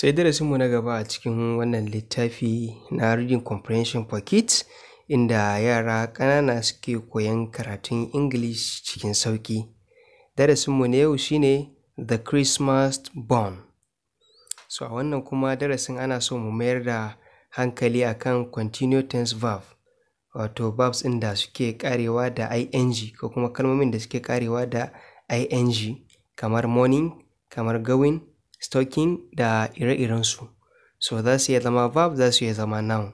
sai darasinmu na gaba a cikin wannan littafi na reading comprehension pocket, inda yara ƙanana suke koyan karatun english cikin sauƙi darasinmu na yau shine the christmas born so a wannan kuma darasin ana so mu mayar da hankali akan continuous tense verb wato verbs inda suke karewa da ing ko kuma kalmomin da suke karewa da ing kamar morning kamar going stocking da ire-irensu. So za su iya zama verb za su iya zama noun.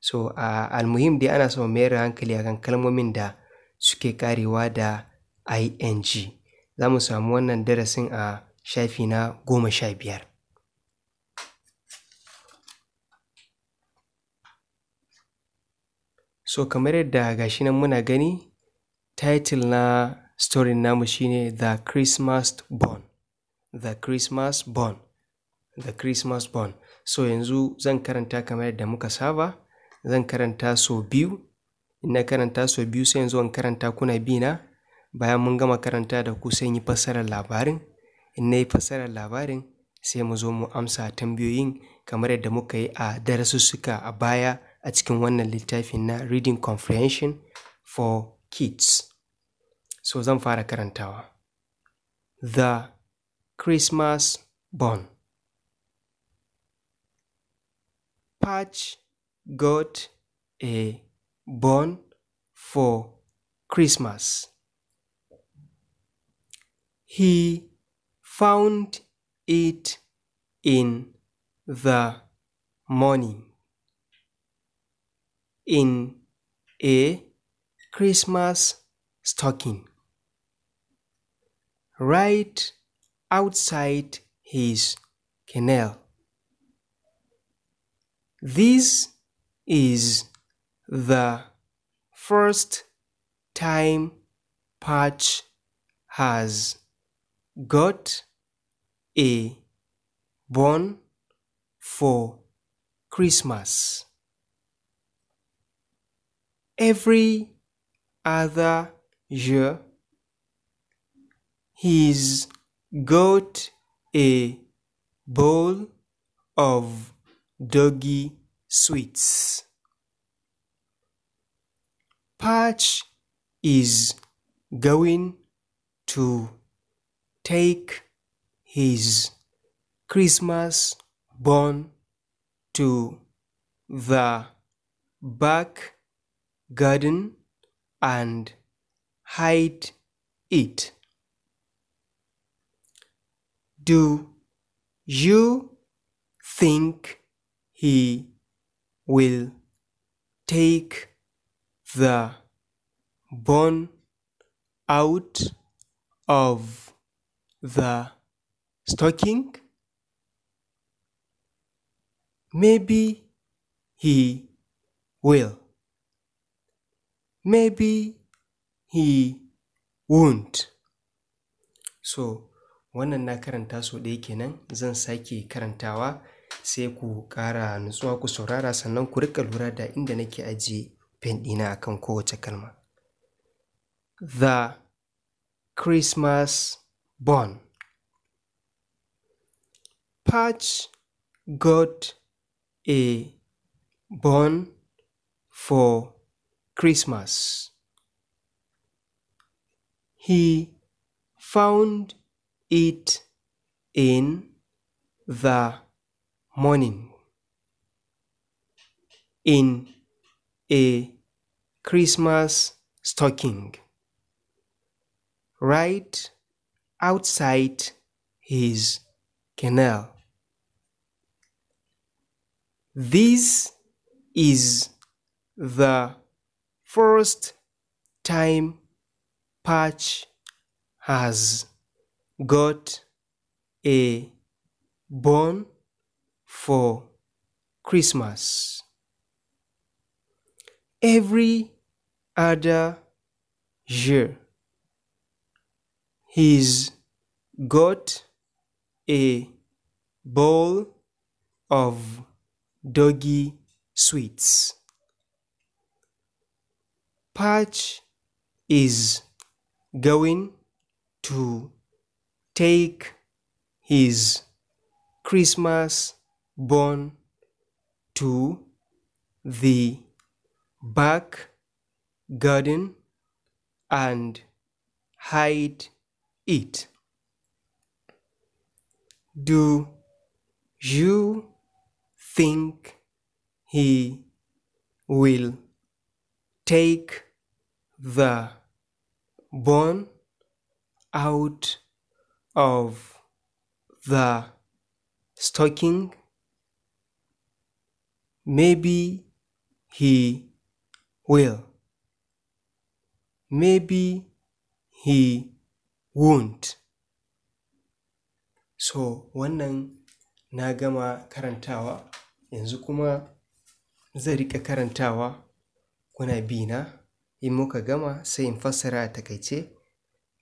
So a almuhim dai ana son mayar hankali akan kalmomin da suke karewa da ing. Za mu samu wannan darasin a shafi na goma sha biyar. So kamar yadda gashi nan muna gani, title na story namu shine The Christmas Born. the Christmas born. The Christmas born. So yanzu zan karanta kamar yadda muka saba, zan karanta so biyu, in karanta so biyu sai yanzu an karanta kuna bi na, bayan mun gama karanta da ku sai yi fassarar labarin, in na yi fassarar labarin sai mu zo mu amsa tambayoyin kamar yadda muka yi a darasussuka a baya a cikin wannan littafin na Reading Comprehension for Kids. So zan fara karantawa. The Christmas Born Patch got a born for Christmas. He found it in the morning in a Christmas stocking. Right outside his kennel. This is the first time Patch has got a bone for Christmas. Every other year, his got a bowl of doggy sweets. Patch is going to take his Christmas bun to the back garden and hide it. Do you think he will take the bone out of the stocking? Maybe he will. Maybe he won't. So wannan na karanta so ɗaya kenan zan sake karantawa sai ku ƙara nutsuwa ku saurara sannan ku riƙa lura da inda nake ajiye pen ɗina kan kowace kalma the christmas born patch got a born for christmas he found it in the morning. In a Christmas stocking. Right outside his canal. This is the first time Patch has got a bone for Christmas. Every other year, he's got a bowl of doggy sweets. Patch is going to take his Christmas bone to the back garden and hide it. Do you think he will take the bone out of the stocking. Maybe he will. Maybe he won't. So wannan na gama karantawa yanzu kuma zai riƙa karantawa kuna bi na in muka gama sai in fassara a takaice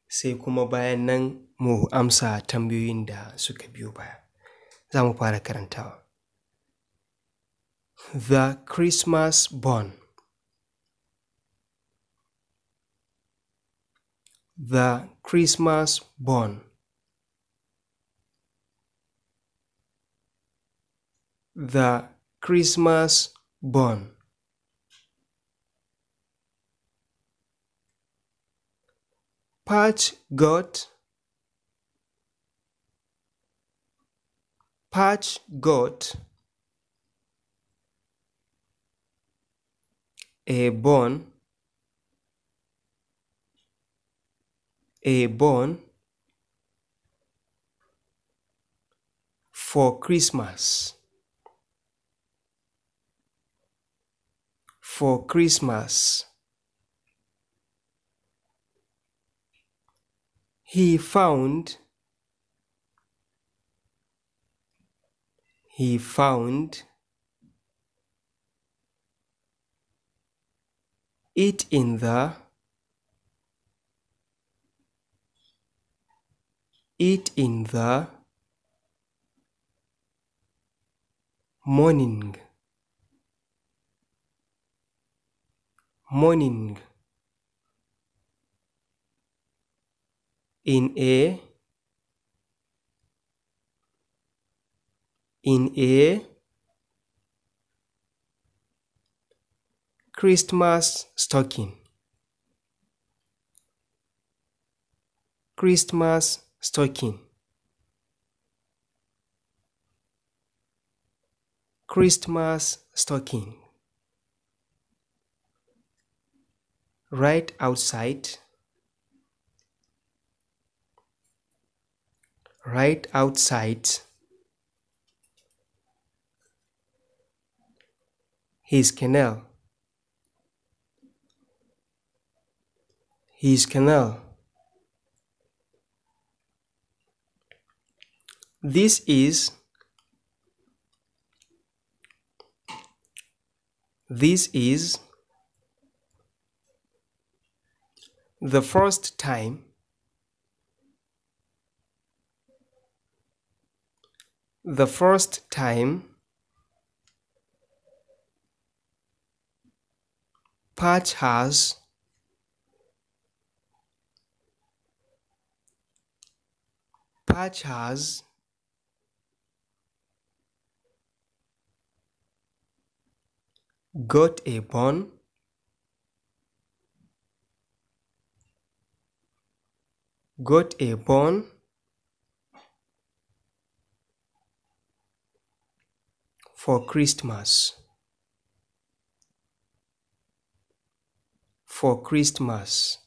sai kuma bayan nan mu amsa tambayoyin da suka biyo baya. Za mu fara karantawa. The Christmas Born The Christmas Born The Christmas Born Patch got. Patch got a bone a bone for Christmas for Christmas he found he found it in the it in the morning morning in a in a Christmas stocking. Christmas stocking. Christmas stocking. Right outside. Right outside. his canal his canal this is this is the first time the first time Patch has patch has got a bone got a bone for Christmas. for Christmas.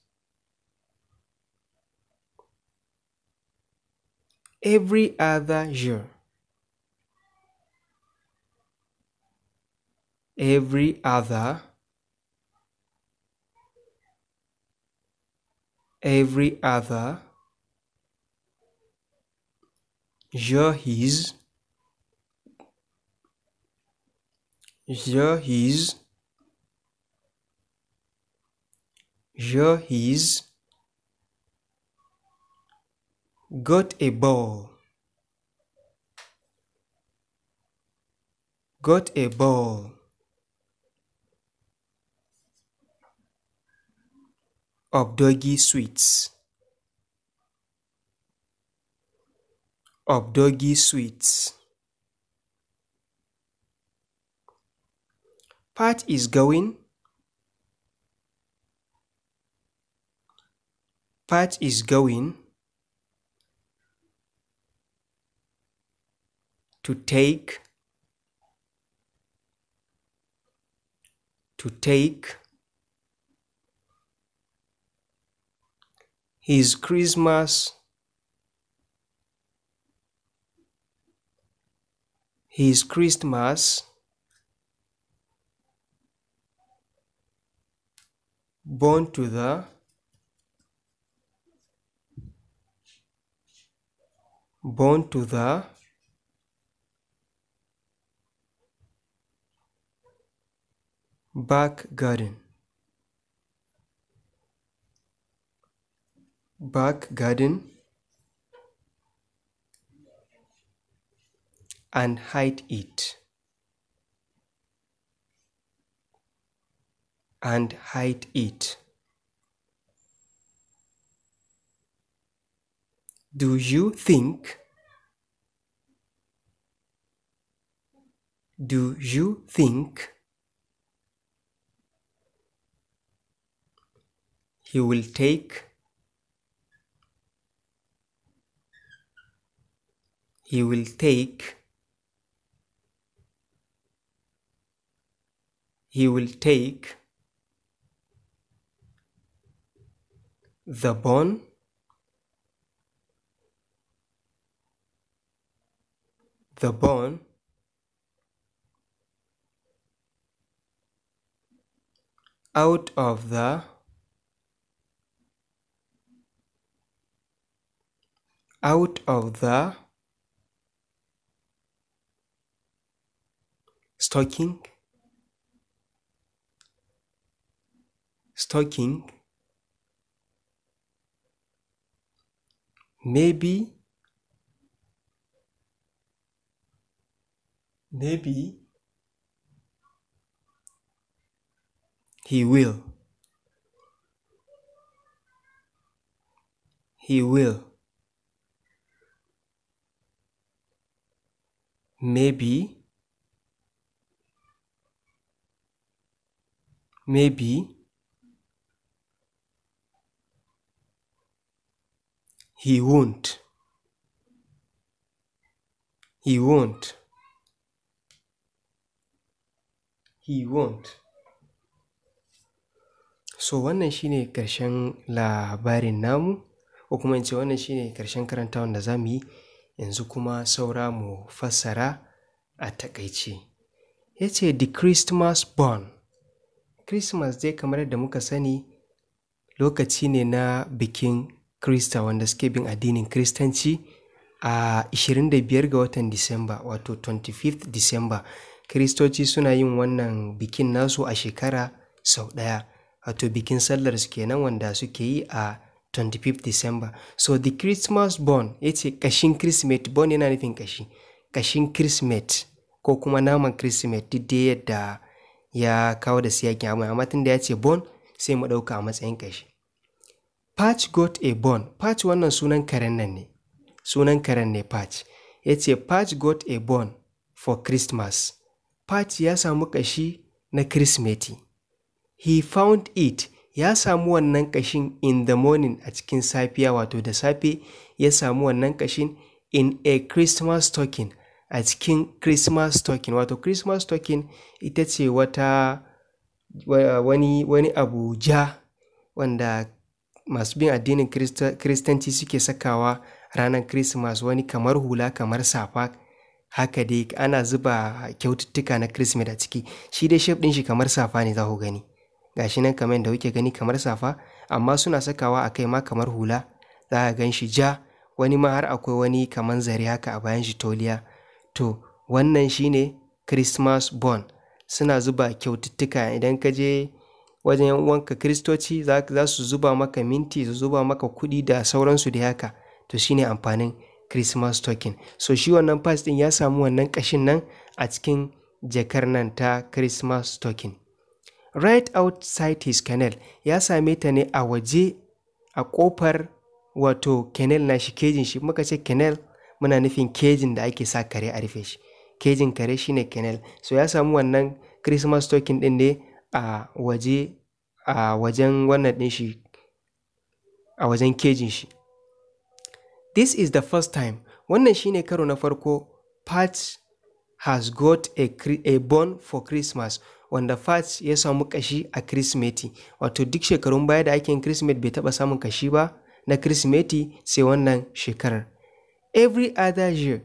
Every other year. Every other. Every other. Year his. Year his Joe he's got a ball. Got a ball. Of doggy sweets. Of doggy sweets. Pat is going. Pat is going to take to take his Christmas his Christmas born to the born to the back garden back garden and hide it and hide it Do you think? Do you think he will take? He will take. He will take the bone the bone out of the out of the stocking stocking maybe Maybe He will. He will. Maybe. Maybe. He won't. He won't. he won't so wannan shine karshen labarin namu ko kuma in ce wannan shine karshen karantawan da za mu yi yanzu kuma saura mu fassara a takaice ya ce the christmas born christmas dai kamar yadda muka sani lokaci ne na bikin krista wanda suke bin addinin kristanci a 25 ga watan disamba wato 25 disamba Kiristoci suna yin wannan bikin nasu a shekara sau ɗaya, wato bikin sallar su kenan wanda suke yi a 25 December. So the Christmas born ya ce ƙashin born yana nufin kashi. Kashin christmas ko kuma naman christmas duk dai yadda ya kawo da siyakin amma amma tun ya ce born sai mu ɗauka a matsayin kashi. Patch got a born, patch wannan sunan karen nan ne, sunan karen ne patch. Ya ce patch got a born for Christmas. Pat ya samu ƙashi na Kirsimeti. He found it ya samu wannan kashin in the morning a cikin safiya wato da safe ya samu wannan ƙashin in a Christmas stocking a cikin Christmas stocking wato Christmas stocking ita ce wata wani, wani abu ja wanda masu bin addinin Kiristanci suke sakawa ranar Christmas wani kamar hula kamar safa haka dai ana zuba kyaututtuka na Kirsimeti a ciki shi dai shef ɗin shi kamar safa ne za ku gani gashi nan kamar da kuke gani kamar safa amma suna sakawa a kai ma kamar hula za ka gan shi ja wani ma har akwai wani kamar zare haka a bayan shi toliya to wannan shi ne christmas born suna zuba kyaututtuka idan ka je wajen yan uwanka kristoci za su zuba maka minti su zuba maka kuɗi da sauransu da haka to shine amfanin Christmas token. So shi wannan pass ɗin ya samu wannan kashin nan a cikin jakar nan ta Christmas token. Right outside his canal ya same ta ne a waje a ƙofar wato canal na shi kejin shi muka ce canal muna nufin kejin da ake sa kare a rufe shi kejin kare shine canal. so ya samu wannan christmas token din ne a waje a wajen wannan din shi a wajen kejin shi This is the first time. Wannan shine karo na farko Pat has got a, a bone for Christmas. Wanda Pat ya samu kashi a Kirsimeti. Wato duk shekarun baya da ake yin Kirsimeti bai taba samun kashi ba na Kirsimeti sai wannan shekarar. Every other year,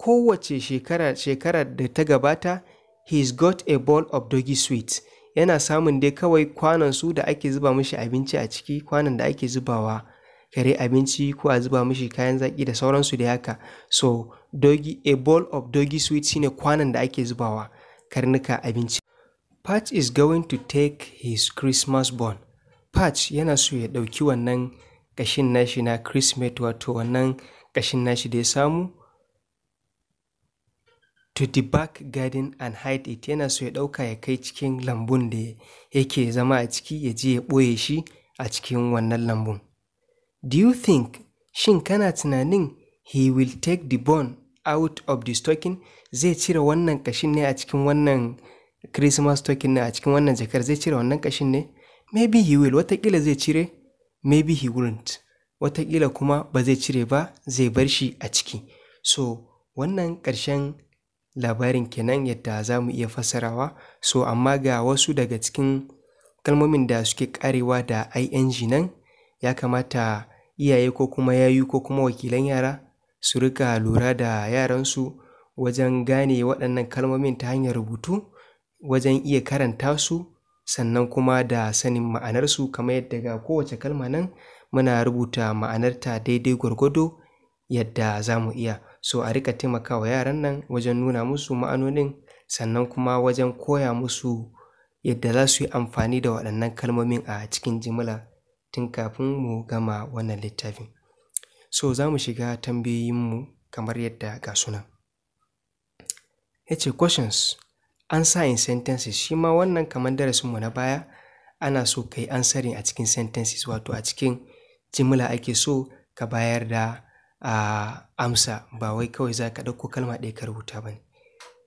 kowace shekara shekara da ta gabata, he's got a bowl of doggy sweet. Yana samun dai kawai kwanan su da ake zuba mishi abinci a ciki kwanan da ake zubawa. kare abinci ko a zuba mishi kayan zaƙi da sauransu da haka so doggy a bowl of doggy sweet shine kwanan da ake zubawa karnuka abinci Patch is going to take his Christmas bone. Patch yana so ya ɗauki wannan ƙashin nashi na Christmas wato wannan ƙashin nashi da ya samu to the back garden and hide it yana so ya ɗauka ya kai cikin lambun da yake zama a ciki ya je ya ɓoye shi a cikin wannan lambun. Do you think (shin kana tunanin) he will take the bone out of the stocking (zai cire wannan kashin ne a cikin wannan christmas stocking ne a cikin wannan jakar zai cire wannan kashin ne? Maybe he will, wataƙila zai cire, maybe he won't, wataƙila kuma ba zai cire ba, zai bar shi a ciki. So, wannan ƙarshen labarin kenan yadda za mu iya fassarawa. So, amma ga wasu daga cikin kalmomin da suke karewa da ing nan. ya kamata iyaye ko kuma yayu ko kuma wakilan yara su rika lura da yaransu wajen gane waɗannan kalmomin ta hanyar rubutu wajen iya karanta su sannan kuma da sanin ma'anarsu kamar yadda ga kowace kalma nan muna rubuta ma'anarta daidai gwargwado yadda za mu iya so a rika taimakawa yaran nan wajen nuna musu ma'anonin sannan kuma wajen koya musu yadda za su yi amfani da waɗannan kalmomin a cikin jimla tun kafin mu gama wannan littafin. So za mu shiga tambayoyinmu kamar yadda ga suna. Ya ce questions, answer in sentences shi ma wannan kamar darasinmu na baya ana so ka yi answering a cikin sentences wato a cikin jimla ake so ka bayar da uh, amsa ba wai kawai za ka ɗauko kalma ɗaya ka rubuta ba ne.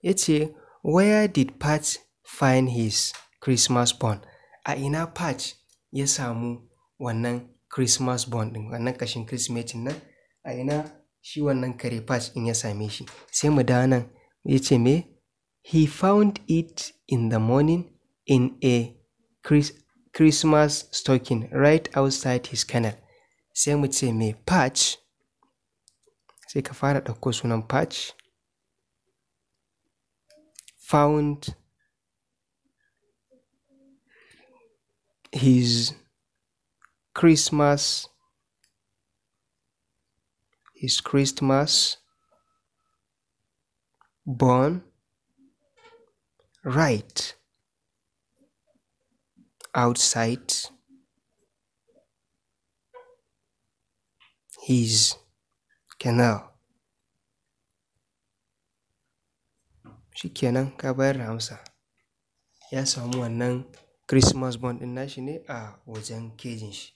Ya ce, Where did Pat find his Christmas bond? A ina Pat ya samu wannan Christmas bond ɗin, wannan kashin Kirsimeti nan a ina shi wannan kare patch in ya same shi. Sai mu da nan ya ce me? He found it in the morning in a Chris Christmas stocking right outside his kennel. Sai mu ce me patch? Sai ka fara ɗauko sunan patch. Found his Christmas is Christmas born right outside his canal shikenan ka bayar da amsa ya samu wannan christmas bond din nashi ne a wajen kejin shi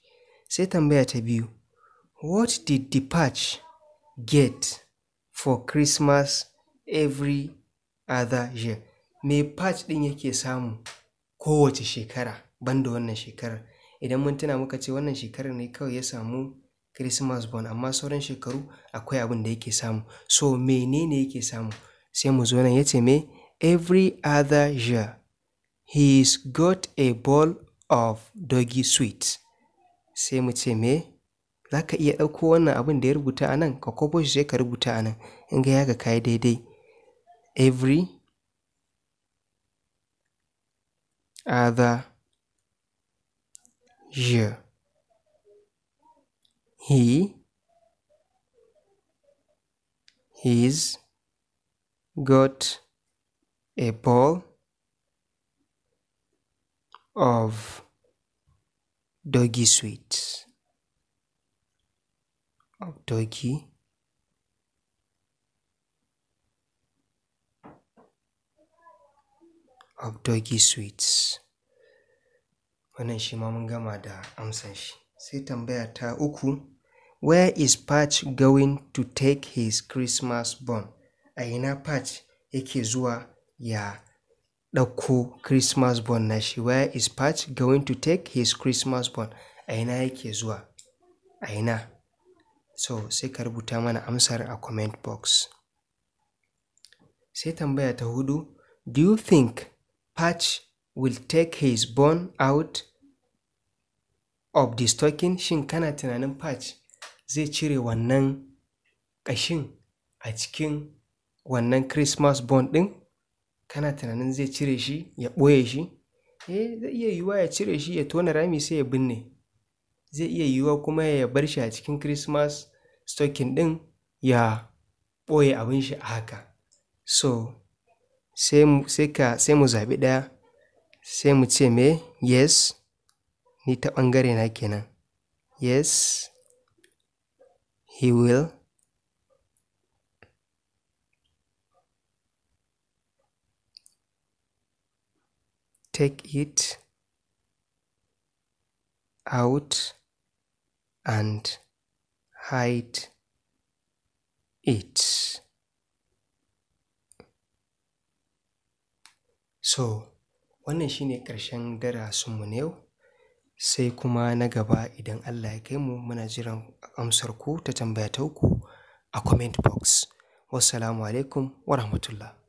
Sai tambaya ta biyu: What did the patch get for Christmas every other year? Me Patch ɗin yake samu kowace shekara banda wannan shekarar? Idan mun tuna muka ce wannan shekarar ne kawai ya samu Christmas bone amma sauran shekaru akwai abin da yake samu. So menene yake samu? Sai mu zo nan ya ce me every other year he's got a ball of doggy sweets. sai mu ce me za ka iya ɗauko wannan abin da ya rubuta a nan ka kwabo shi ka rubuta a nan in ga yaga ga kayi daidai every other year he he's got a ball of doggy sweet of doggy of doggy sweets wannan shi ma mun gama da amsan shi sai tambaya ta uku where is patch going to take his christmas bone? a ina patch yake zuwa ya ɗauko Christmas born shi Where is Pat going to take his Christmas born? A ina yake zuwa? A ina? So sai ka rubuta mana amsar a comment box. Sai tambaya ta hudu, Do you think Patch will take his born out of the stocking? Shin kana tunanin Patch zai cire wannan ƙashin a cikin wannan Christmas born ɗin? kana tunanin zai cire shi ya ɓoye shi eh zai iya yiwuwa ya cire shi ya tona rami sai ya binne zai iya yiwuwa kuma ya bar shi a cikin christmas stocking ɗin ya ɓoye abin shi a haka so sai ka sai mu zaɓi ɗaya sai mu ce me yes ni ta ɓangare na kenan yes he will take it out and hide it. So, wannan shine ƙarshen darasinmu na yau, sai kuma na gaba idan Allah ya kai mu muna jiran amsar ku ta tambaya ta uku a comment box. Wassalamu alaikum wa rahmatullah.